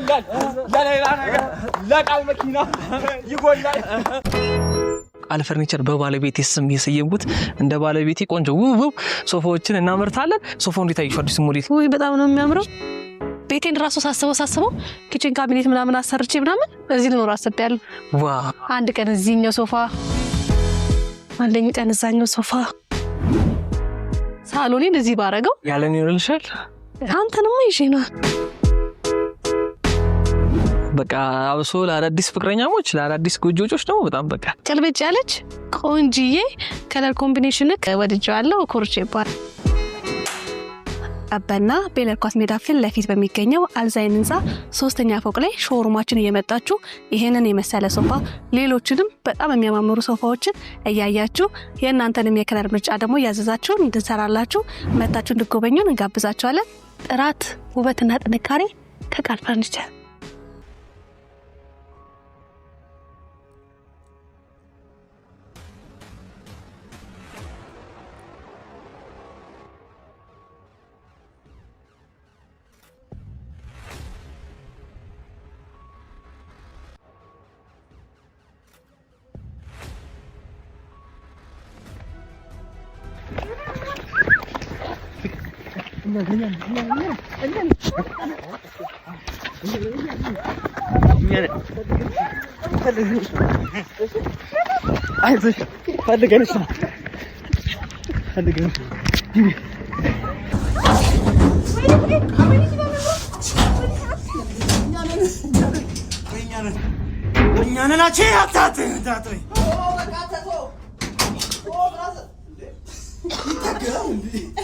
ይጎላል። ለሌላ ነገር ለቃል መኪና ይጎላል። ቃል ፈርኒቸር በባለቤቴ ስም የሰየሙት እንደ ባለቤቴ ቆንጆ ውብ ሶፋዎችን እናመርታለን። ሶፋው እንዴት አየሽው? አዲስ ሞዴል ወይ? በጣም ነው የሚያምረው። ቤቴን ራሱ ሳስበው ሳስበው ኪችን ካቢኔት ምናምን አሰርቼ ምናምን እዚህ ልኖር አስቤያለሁ። አንድ ቀን እዚህኛው ሶፋ አለኝ ጠነዛኛው ሶፋ ሳሎኔን እዚህ ባረገው ያለን ይሆንልሻል። አንተንማ ይዤና በቃ አብሶ ለአዳዲስ ፍቅረኛሞች ለአዳዲስ ጎጆጮች ደግሞ በጣም በቃ ጭልብጭ ያለች ቆንጅዬ ከለር ኮምቢኔሽን ወድጀዋለሁ። ኮርቼ ይባላል። ተቀበልና ቤለር ኳስ ሜዳ ፊት ለፊት በሚገኘው አልዛይን ህንፃ ሶስተኛ ፎቅ ላይ ሾሩማችን እየመጣችሁ ይህንን የመሰለ ሶፋ፣ ሌሎችንም በጣም የሚያማምሩ ሶፋዎችን እያያችሁ የእናንተንም የከለር ምርጫ ደግሞ እያዘዛችሁ እንድንሰራላችሁ መታችሁ እንድጎበኙን እንጋብዛችኋለን። ጥራት ውበትና ጥንካሬ ከቃል ፈርኒቸር Also, hadi görüşürüz. Hadi görüşürüz. Dünyanın açı yaptı. Oh, my God, that's all. Oh, brother. Bir dakika.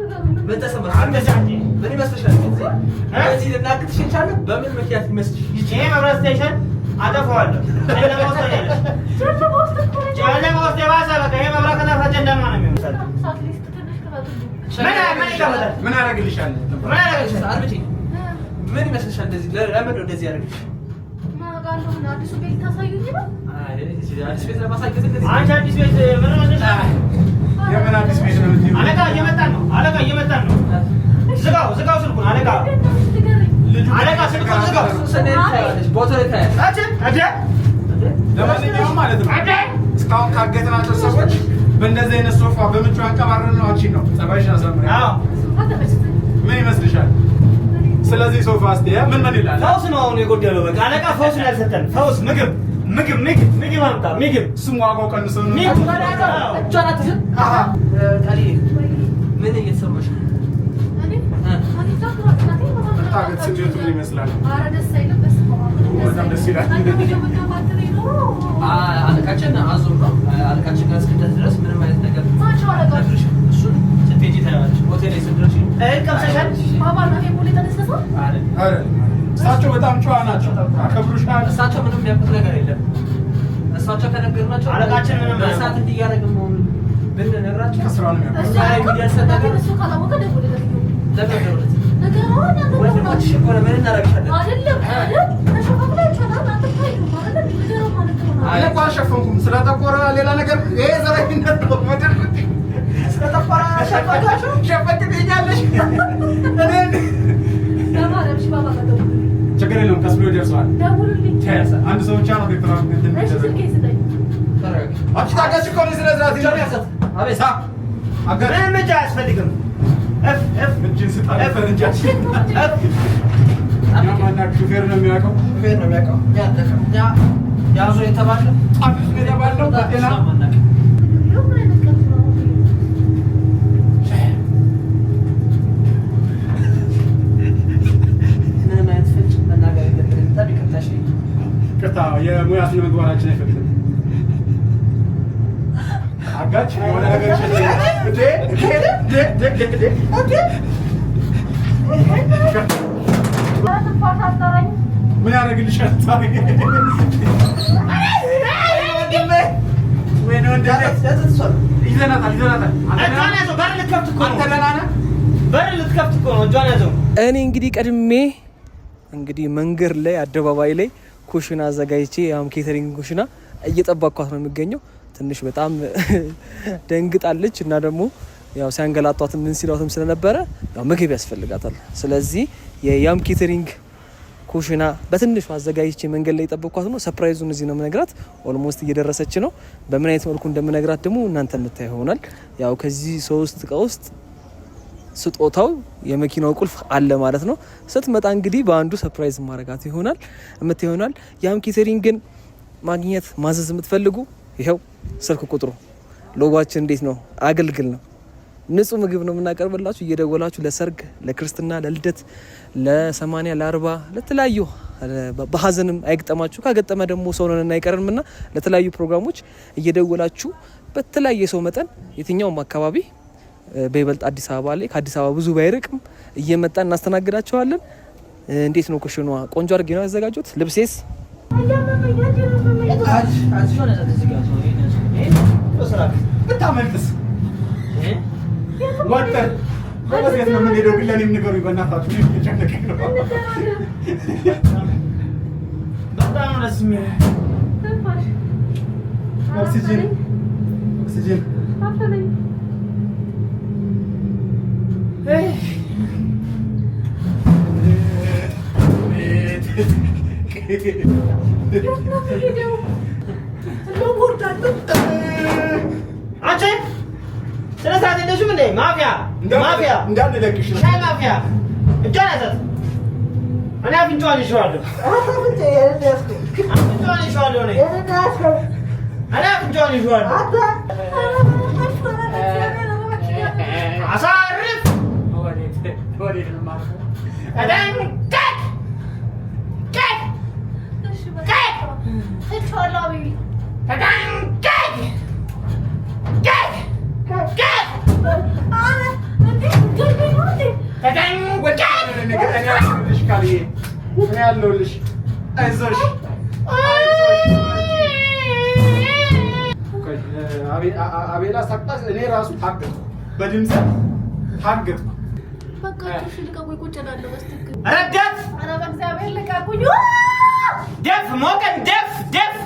ምን ተሰማሽ? ይመስልሻል? እዚህ ልናግትሽ እንቻለን። በምን ምክንያት ይመስልሽ? ይሄ መብራት ስቴሽን አጠፋዋለሁ። ጨለማ ውስጥ የባሰ ነው የሚሆነው። ምን ያደርግልሻል? እንደዚህ ለምን እንደዚህ ያደርግልሽ? አዲስ ቤት የምን አዲስ ቤት ነው? አለቃ እየመጣን ነው። አለቃ እየመጣን ነው። ዝጋው፣ ዝጋው ስልኩን አለቃ። ለማንኛውም ማለት ነው እስካሁን ካገትናቸው ሰዎች በእንደዚህ አይነት ሶፋ በምቹ አንቀባረን ነው አንቺን ነው ጸባይሽን አሳምሪ። ምን ይመስልሻል? ስለዚህ ሶፋ እስኪ ምን ምን ይላል? ፈውስ ነው አሁን የጎደለው። በቃ አለቃ ፈውስ ነው ያልሰጠን። ፈውስ ምግብ ምግብ ምግብ ምግብ አምጣ። ምግብ ስሙ ዋጋው ቀንሶ ነው። ምግብ ምን እየተሰማሽ ነው? አለቃችን አዞ ነው። አለቃችን ጋር እሳቸው በጣም ጨዋ ናቸው። አከብሩሻል። እሳቸው ምንም የሚያውቁት ነገር የለም። እሳቸው ከነገርናቸው አለቃችን ምንም በእሳት እንዲያደርግ መሆኑ ብንነግራቸው ከስራ ነው አልሸፈንኩም። ስለጠቆረ ሌላ ነገር ይሄ ዘረኝነት ነው። ምድር ስለጠቆረ ሸፈን Tagalilong, tas Blue Jays one. Yes. Ano sa channel dito lang din din. Aki taga si Konis na zrati. Chani asat. Abi sa. Agar. Ne me jazz fedigun. F F. Jinsi ta. F ne jazz. F. Ama nak şoför ne miyako? Şoför ne miyako? Ya ya. Ya zo yeter var. Abi ne var? Batela. እኔ እንግዲህ ቀድሜ እንግዲህ መንገድ ላይ አደባባይ ላይ ኩሽና አዘጋጅቼ ያም ኬተሪንግ ኩሽና እየጠበኳት ነው የሚገኘው። ትንሽ በጣም ደንግጣለች እና ደግሞ ያው ሲያንገላጧት ምን ሲሏትም ስለነበረ ያው ምግብ ያስፈልጋታል። ስለዚህ የያም ኬተሪንግ ኩሽና በትንሹ አዘጋጅቼ መንገድ ላይ የጠበቅኳት ነው። ሰፕራይዙን እዚህ ነው የምነግራት። ኦልሞስት እየደረሰች ነው። በምን አይነት መልኩ እንደምነግራት ደግሞ እናንተ የምታይ ይሆናል። ያው ከዚህ ሶስት እቃ ውስጥ ስጦታው የመኪናው ቁልፍ አለ ማለት ነው። ስትመጣ እንግዲህ በአንዱ ሰፕራይዝ ማረጋት ይሆናል የምታይ ይሆናል። ያም ኬተሪንግን ማግኘት ማዘዝ የምትፈልጉ ይኸው ስልክ ቁጥሩ ሎጓችን እንዴት ነው? አገልግል ነው ንጹህ ምግብ ነው የምናቀርብላችሁ። እየደወላችሁ ለሰርግ፣ ለክርስትና፣ ለልደት፣ ለሰማኒያ፣ ለአርባ ለተለያዩ በሀዘንም አይገጠማችሁ ካገጠመ ደግሞ ሰው ነን አይቀርም ና ለተለያዩ ፕሮግራሞች እየደወላችሁ በተለያየ ሰው መጠን የትኛውም አካባቢ በይበልጥ አዲስ አበባ ላይ ከአዲስ አበባ ብዙ ባይርቅም እየመጣን እናስተናግዳቸዋለን። እንዴት ነው ኩሽኗ? ቆንጆ አድርጌ ነው ያዘጋጁት። ልብሴስ ታመልጥስ What Tapos kasi naman nilubilanim ni Gariba na kapit yung picture na kayo. Dokta ang rasmi. Oxygen. Oxygen. Papa rin. Eh. Yok, nasıl gidiyor? የለሽም እንደ ማፊያ ማፊያ እንዳንለቅሽ ሻይ ማፊያ እጇን ያዛት። እኔ አፍንጫዋን ይሸዋለሁ። አፍንጫዋን ይሸዋለሁ። እኔ አፍንጫዋን ይሸዋለሁ። አሳርፍ ተዳንቀቅ ያለሁልሽ። አይዞሽ። አቤላ ሳቅጣት እኔ ራሱ ታገጥኩ፣ በድምፅ ታገጥኩ። ደፍ ሞቀን ደፍ ደፍ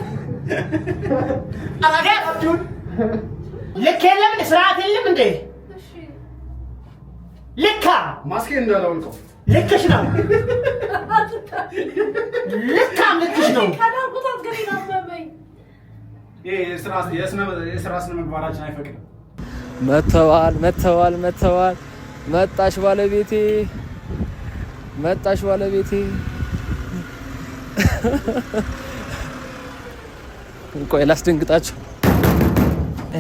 ልክ የለም፣ ስርዓት የለም እንዴ ልካ ማስኬ እንዳላወልቀው ልክሽ ነው። ልካም ልክሽ ነው። መተዋል መተዋል መተዋል። መጣሽ ባለቤቴ፣ መጣሽ ባለቤቴ። ላስደንግጣችሁ።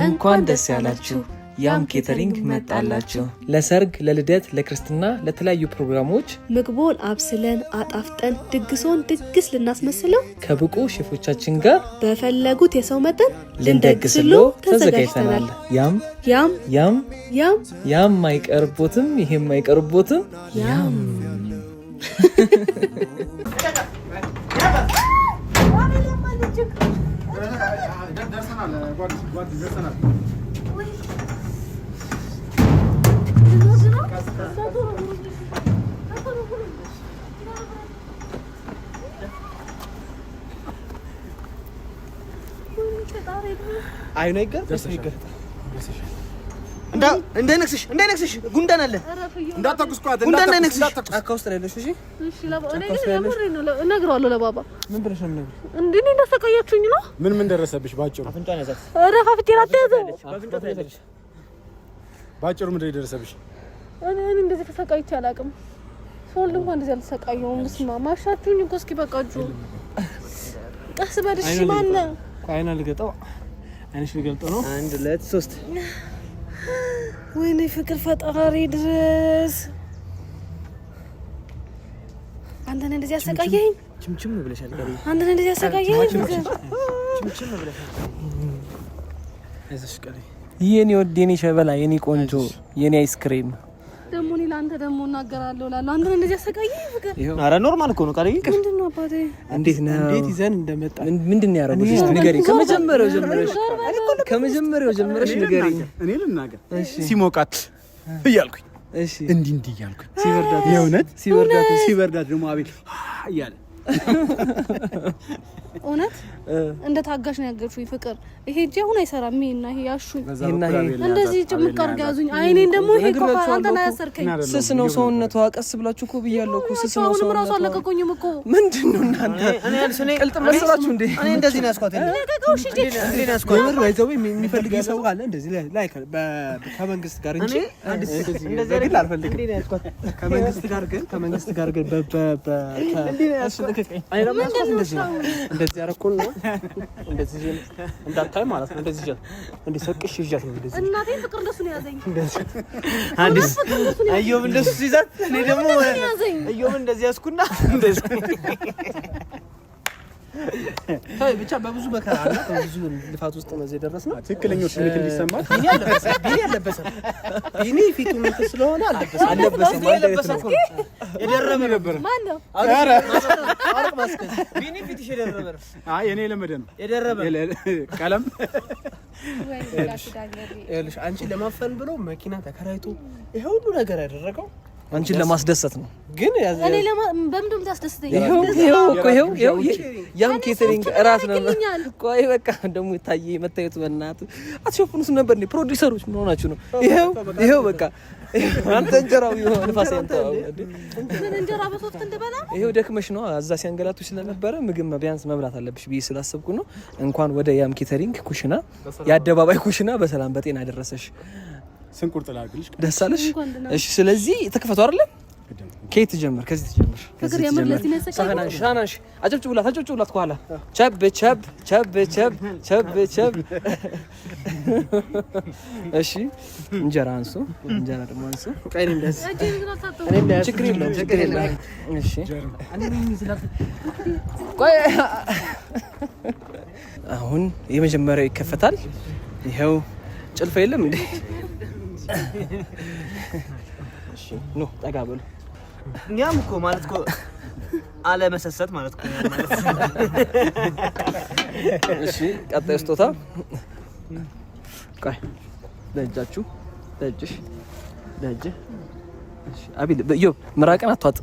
እንኳን ደስ ያላችሁ። ያም ኬተሪንግ መጣላቸው። ለሰርግ፣ ለልደት፣ ለክርስትና፣ ለተለያዩ ፕሮግራሞች ምግቦን አብስለን አጣፍጠን ድግሶን ድግስ ልናስመስለው ከብቁ ሼፎቻችን ጋር በፈለጉት የሰው መጠን ልንደግስሎ ተዘጋጅተናል። ያም ያም ያም ያም ያም አይቀርቦትም፣ ይሄም አይቀርቦትም ያም አይኑ ይገረጥ ይገረጥ እንዳ እንዳይነክስሽ እንዳይነክስሽ ጉንዳን አለ እንዳታኩስ ጫካ ውስጥ ነው ለባባ። ምን ብለሽ ምን ምን ደረሰብሽ? ባጭሩ አፍንጫን ያዛት። ኧረ ፋፍቴን አትያዘው። ባጭሩ ምንድን ነው የደረሰብሽ? እኔ እኔ እንደዚህ ተሰቃይቼ አላውቅም። ሰውል እንኳን እንደዚህ አልተሰቃየሁም። ምስማ ማሻችሁኝ እኮ እስኪ በቃጁ ቀስ በልሽ። ማነ አይና ልገጠው አይንሽ ልገልጠው ነው። አንድ ሁለት ሶስት። ወይኔ ፍቅር ፈጣሪ ድረስ አንተ ነህ እንደዚህ ያሰቃየኸኝ። ችምችም ብለሻል። አንተ ነህ እንደዚህ ያሰቃየኸኝ። ችምችም ብለሻል። አይዞሽ ቀሪ የኔ ወድ የኔ ሸበላ የኔ ቆንጆ የኔ አይስክሬም ደግሞ እኔ ለአንተ ደግሞ እናገራለሁ እላለሁ። አንተ እንደዚህ አሰቃየ ፍቅር። ኧረ ኖርማል እኮ ነው። ቃል ይቅር። ምንድን ነው አባቴ? እንዴት ነው እንዴት ይዘን እንደመጣ ምንድን ነው ያደረጉት? እስኪ ንገሪኝ። ከመጀመሪያው ጀምረሽ ከመጀመሪያው ጀምረሽ ንገሪኝ። እኔ ልናገር ሲሞቃት እያልኩኝ እሺ፣ እንዲህ እንዲህ እያልኩኝ ሲበርዳት፣ የእውነት ሲበርዳት፣ ሲበርዳት ደግሞ አቤት እያለ እውነት እንደ ታጋሽ ነው ያገርሽኝ ፍቅር። ይሄ እጄ አሁን አይሰራም። ይሄና ይሄ ያሹኝ እንደዚህ ጭምቅ አድርጋ ያዙኝ። አይኔን ደግሞ ይሄ ኮፋር አንተን አያሰርከኝ። ስስ ነው ሰውነቷ። ቀስ ብላችሁ እኮ ብያለሁ እኮ ስስ ነው ሰውነቷ። ራሱ አለቀቆኝም እኮ ምንድን ነው እናንተ ቅልጥ መሰላችሁ እንዴ? እኔ እንደዚህ ነው ያስኳት። የሚፈልግ ሰው አለ እንደዚህ ላይ ከመንግስት ጋር እንጂ እንደዚህ ነው አልፈልግም። እንዴ ከመንግስት ጋር ግን ከመንግስት ጋር ግን በ በ እንደዚህ ያደረኩን ነው። እንደዚህ እንዳታይ ማለት ነው። እንደዚህ ይዣት እንደዚህ ሰቅሽ ይዣት ነው። እንደዚህ እናቴ ፍቅር እንደሱ ነው ያዘኝ። አዲስ እዮብ እንደሱ ሲይዛት እኔ ደግሞ እዮብ እንደዚህ ያስኩና እንደዚህ ብቻ በብዙ መከራ እና በብዙ ልፋት ውስጥ ነው የደረስነው። ትክክለኛው ስሜት እንዲሰማል ቢኒ አለበሰም። ቢኒ ፊቱ ምንት ስለሆነ አለበሰ። አለበሰ አለበሰም። የደረበ ነበር። ቢኒ ፊትሽ የደረበ ነው። አይ እኔ የለመደ ነው የደረበ ቀለም አንቺ ለማፈን ብሎ መኪና ተከራይቶ ይሄ ሁሉ ነገር ያደረገው አንቺን ለማስደሰት ነው። ግን እኔ በምንድን ታስደስተኛለህ? ይኸው እኮ ይኸው ይኸው ያም ኬተሪንግ እራት ነው። ቆይ በቃ ደግሞ ታዬ መታየቱ በእናቱ አትሸፍኑት ነበር እንዴ? ፕሮዲውሰሮች ምን ሆናችሁ ነው? ይኸው ይኸው በቃ አንተ እንጀራው ይሆን ይኸው ንፋስ ምን እንጀራ በሶፍት እንደበላ ይሄው ደክመሽ ነው። እዛ ሲያንገላቱ ስለነበረ ምግብ ቢያንስ መብላት አለብሽ ብዬ ስላሰብኩ ነው። እንኳን ወደ ያም ኬተሪንግ ኩሽና፣ የአደባባይ ኩሽና በሰላም በጤና ያደረሰሽ። ስንቁርጥ ላግልሽ ደስ አለሽ። እሺ፣ ስለዚህ ተከፈቱ አይደለ? ከየት ትጀምር? ከዚህ ትጀምር። ሻናሽ አጨብጭቡላት፣ አጨብጭቡላት። ከኋላ ቸብ ቸብ ቸብ ቸብ ቸብ ቸብ። እሺ፣ እንጀራ አንሱ፣ እንጀራ ደግሞ አንሱ። ችግር የለም፣ ችግር የለም። እሺ፣ ቆይ አሁን የመጀመሪያው ይከፈታል። ይኸው ጭልፈ የለም እንዴ? ኑ ጠጋ በሉ። እኛም እኮ ማለት እኮ አለመሰሰት ማለት እኮ። እሺ ቀጣይ ስጦታ ቆይ፣ ደጃችሁ ደጅሽ ደጅ አቤል ዮ ምራቅን አትዋጥ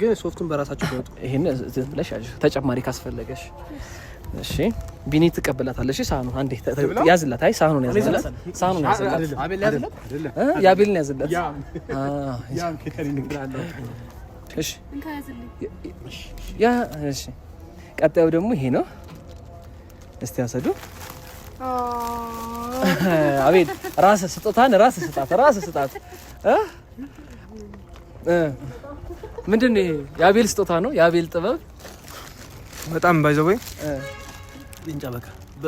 ግን ሶፍቱን በራሳችሁ ይወጡ። ይሄን ተጨማሪ ካስፈለገሽ እሺ ቢኒ ትቀበላታለሽ። ሳህኑን አንዴ ያዝላት። አይ ሳህኑን ያዝላት፣ ሳህኑን ያዝላት። የአቤልን ያዝላት። እሺ፣ እሺ። ያ ቀጣዩ ደግሞ ይሄ ነው። እስቲ ያሰዱ። አቤል ራስህ ስጦታን ራስህ ስጣት፣ ራስህ ስጣት። ምንድን ነው የአቤል ስጦታ ነው፣ የአቤል ጥበብ በጣም ባይዘወይ እንጃ በቃ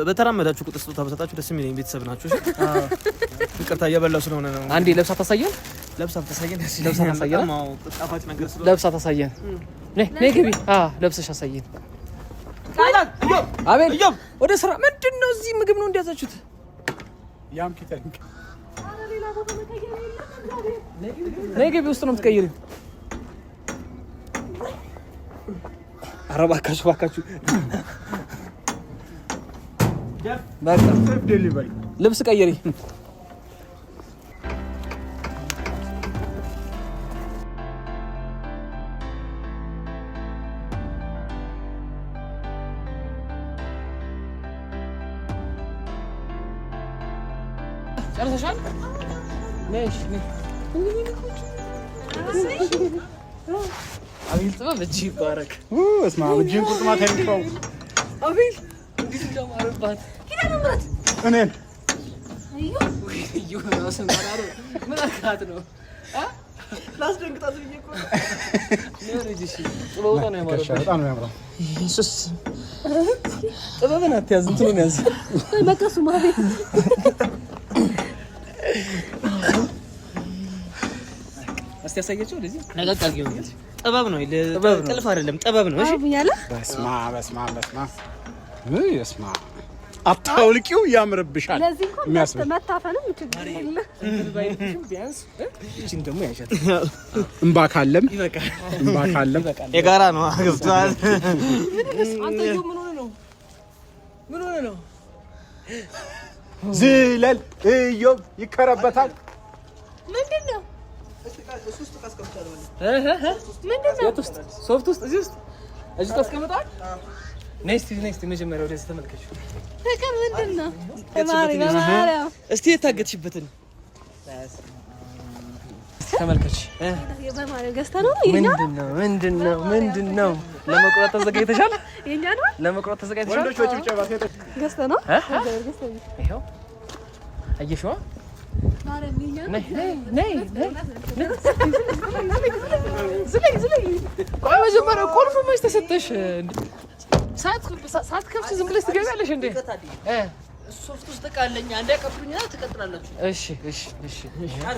በተራመዳችሁ ቁጥር ስጦታ በሰጣችሁ ደስ የሚለኝ ቤተሰብ ናችሁ። ይቅርታ እየበላው ስለሆነ ነው። አንዴ ለብሳ ታሳየን፣ ለብሳ ታሳየን፣ ለብሳ ታሳየን፣ ጣፋጭ ነገር ግቢ፣ ለብሰሽ አሳየን። አቤል ወደ ስራ ምንድን ነው? እዚህ ምግብ ነው እንዲያዛችሁት። ያም ኪተንክ ነይ ግቢ፣ ውስጥ ነው የምትቀይሪው። ኧረ እባካችሁ ልብስ ቀይሪ። ጨርሰሻል? አቤል ጥበብ እጅ ይባረክ። አባት እኔን ምን አልካት ጥበብ ነው ጥልፍ አይደለም ጥበብ ነው። በስመ አብ በስመ አብ በስመ አብ አታውልቂው ያምርብሻል። ለዚህ እንኳን መታፈንም የጋራ ነው። ምን ነው? ዝለል እዮብ ይከረበታል። ምንድን ነው? ነው? ሶፍት ውስጥ እዚህ ውስጥ እዚህ ውስጥ አስቀምጣል። ኔክስት ኔክስት የመጀመሪያ ወደዚህ ተመልከች። ፍቅር ምንድን ነው? እስቲ የታገትሽበትን ተመልከች። ምንድን ነው? ምንድን ነው? ለመቁረጥ ተዘጋጅተሻል? ለመቁረጥ ተዘጋጅተሻል? ገዝተህ ነው? ይኸው አየሽዋ መጀመሪያ ቁልፍ መች ተሰጠሽ? ሳትከፍች ዝም ብለሽ ትገቢያለሽ እንዴ? ሶፍት ውስጥ ዕቃ አለኝ። አንዴ አቀብሉኝና ትቀጥላላችሁ። እሺ፣ እሺ፣ እሺ። አረ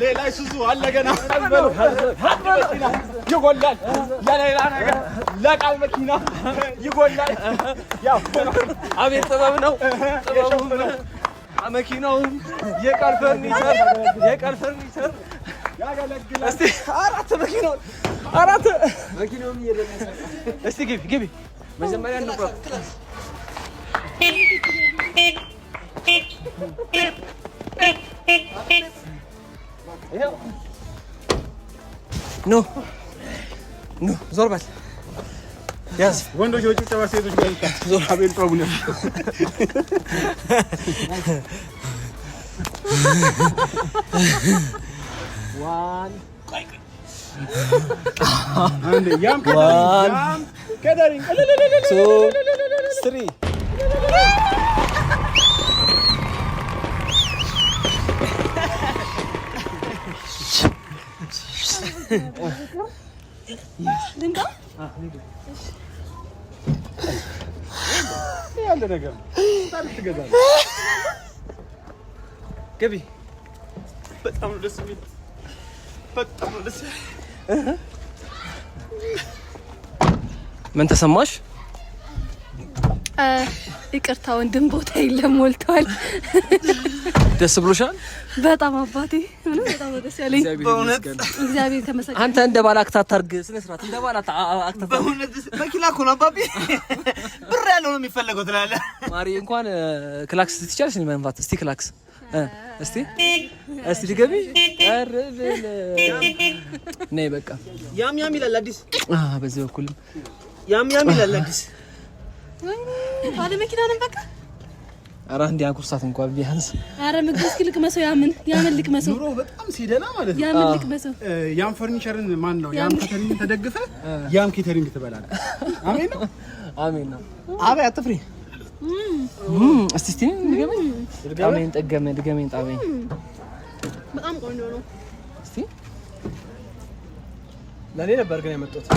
ሌላ ይሱዙ አለ ለቃል መኪና ይጎላል። አቤት ጥበብ ነው ጥበቡ ነው። መኪናውም የቃል ፈርኒቸር የቃል ፈርኒቸር እስኪ አራት መኪናውን አራት መኪናውን እስኪ ግቢ ግቢ መጀመሪያ ኑ ኑ ዞር በል ያዝ። ወንዶች የጭብጨባ ሴቶች ጋር ዞር አቤል ጦሙ ነው። ዋን ቱ ስሪ ያለ ነገር ገቢ በጣም ደስ የሚል። በጣም ደስ ምን ተሰማሽ? ይቅርታ ወንድም፣ ቦታ የለም ሞልቷል። ደስ ብሎሻል? በጣም አባቴ፣ ምንም በጣም ደስ ያለኝ በእውነት እግዚአብሔር ተመሰገነ። አንተ እንደ ባለ አክታት አድርግ፣ ስነ ስርዓት እንደ ባለ አክታት። በእውነት መኪና እኮ ነው አባቢ፣ ብር ያለው ነው የሚፈለገው ትላለህ። ማሪ እንኳን ክላክስ ትችያለሽ መንፋት። እስቲ ክላክስ እስቲ እስቲ ድገሚ። ነይ በቃ። ያም ያም ይላል አዲስ። አዎ፣ በዚህ በኩልም ያም ያም ይላል አዲስ ባለ መኪና በቃ አረ እንዲያ ኩርሳት እንኳን ቢያንስ አረ ምግብ እስኪልቅ መሰው ያምን ያምን ልቅ መሰው ኑሮ በጣም ሲደላ ማለት ነው። ያምን ልቅ መሰው ያም ፈርኒቸርን ማን ነው ያም ከተሪንግ ተደግፈ ያም ኬተሪንግ ትበላለህ። አሜን ነው አሜን ነው። አበይ አትፍሪ። እስቲ እስቲ ንገመኝ ጣመኝ ጠገመ ድገመኝ ጣመኝ በጣም ቆንጆ ነው። እስቲ ለኔ ነበር ግን ያመጣሁት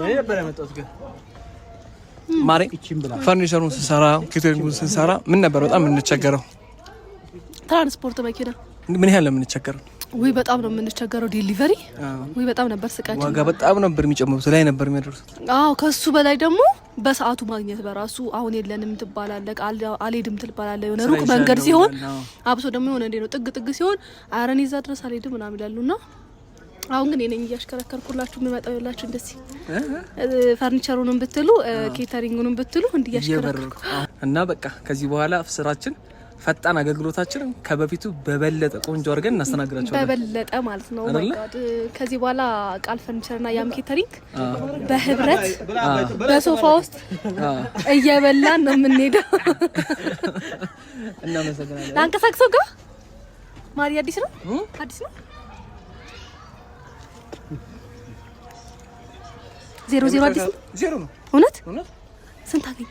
ለኔ ነበር ያመጣሁት ግን ማሬ ፈርኒቸሩን ስንሰራ ኬተሪንጉን ስንሰራ ምን ነበር በጣም የምንቸገረው? ትራንስፖርት መኪና። ምን ያህል ነው የምንቸገረው? ውይ በጣም ነው የምንቸገረው። ዴሊቨሪ ውይ በጣም ነበር ስቃችን። ዋጋ በጣም ነበር የሚጨምሩት፣ ላይ ነበር የሚያደርሱት። አዎ ከሱ በላይ ደግሞ በሰዓቱ ማግኘት በራሱ አሁን የለንም ትባላለ፣ አልሄድም ትባላለ። የሆነ ሩቅ መንገድ ሲሆን አብሶ ደግሞ የሆነ እንዴ ነው ጥግ ጥግ ሲሆን አረን ይዛ ድረስ አልሄድም ምናምን ይላሉና አሁን ግን እኔ እያሽከረከርኩላችሁ የምመጣው ያላችሁ እንደዚህ ፈርኒቸሩንም ብትሉ ኬተሪንጉንም ብትሉ እንዲ እያሽከረከርኩ እና በቃ ከዚህ በኋላ ስራችን ፈጣን አገልግሎታችን ከበፊቱ በበለጠ ቆንጆ አድርገን እናስተናግዳቸዋለን። በበለጠ ማለት ነው። ከዚህ በኋላ ቃል ፈርኒቸርና ያም ኬተሪንግ በህብረት በሶፋ ውስጥ እየበላን ነው የምንሄደው። እናመሰግናለን። ለአንቀሳቅሰው ጋር ማሪ አዲስ ነው አዲስ ነው ዜሮ ዜሮ አዲስ ዜሮ ነው። እውነት እውነት። ስንት አገኘ?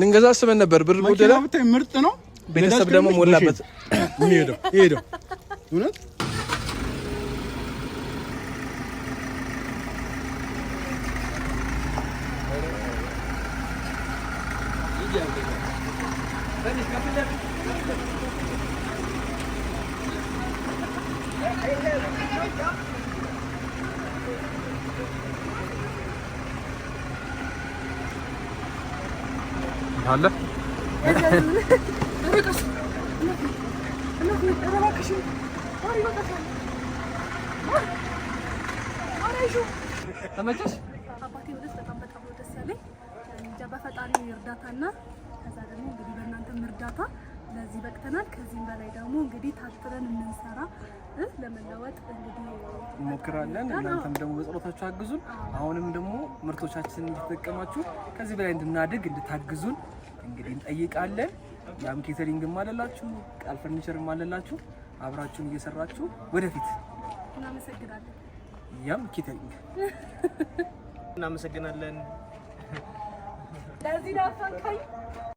ልንገዛ አስበን ነበር። ብር ጉደላ ምርጥ ነው። ቤተሰብ ደግሞ ሞላበት የሚሄደው ይሄደው እውነት ተመቸሽ? አባቴ ወደስ በጣም በጣም ደስ ያለኝ እንጃ በፈጣሪ እርዳታና ከዛ ደግሞ እንግዲህ በእናንተም እርዳታ ለዚህ በቅተናል። ከዚህም በላይ ደግሞ እንግዲህ ታጥረን የምንሰራ ለመለወጥ እንግዲህ እንሞክራለን። እናንተም ደግሞ በጸሎታችሁ አግዙን። አሁንም ደግሞ ምርቶቻችን እንድትጠቀማችሁ ከዚህ በላይ እንድናድግ እንድታግዙን እንግዲህ እንጠይቃለን። ያም ኬተሪንግም አለላችሁ፣ ቃል ፈርኒቸርም አለላችሁ። አብራችሁን እየሰራችሁ ወደፊት። እናመሰግናለን። ያም ኬተሪንግ እናመሰግናለን። ለዚህ ዳፋን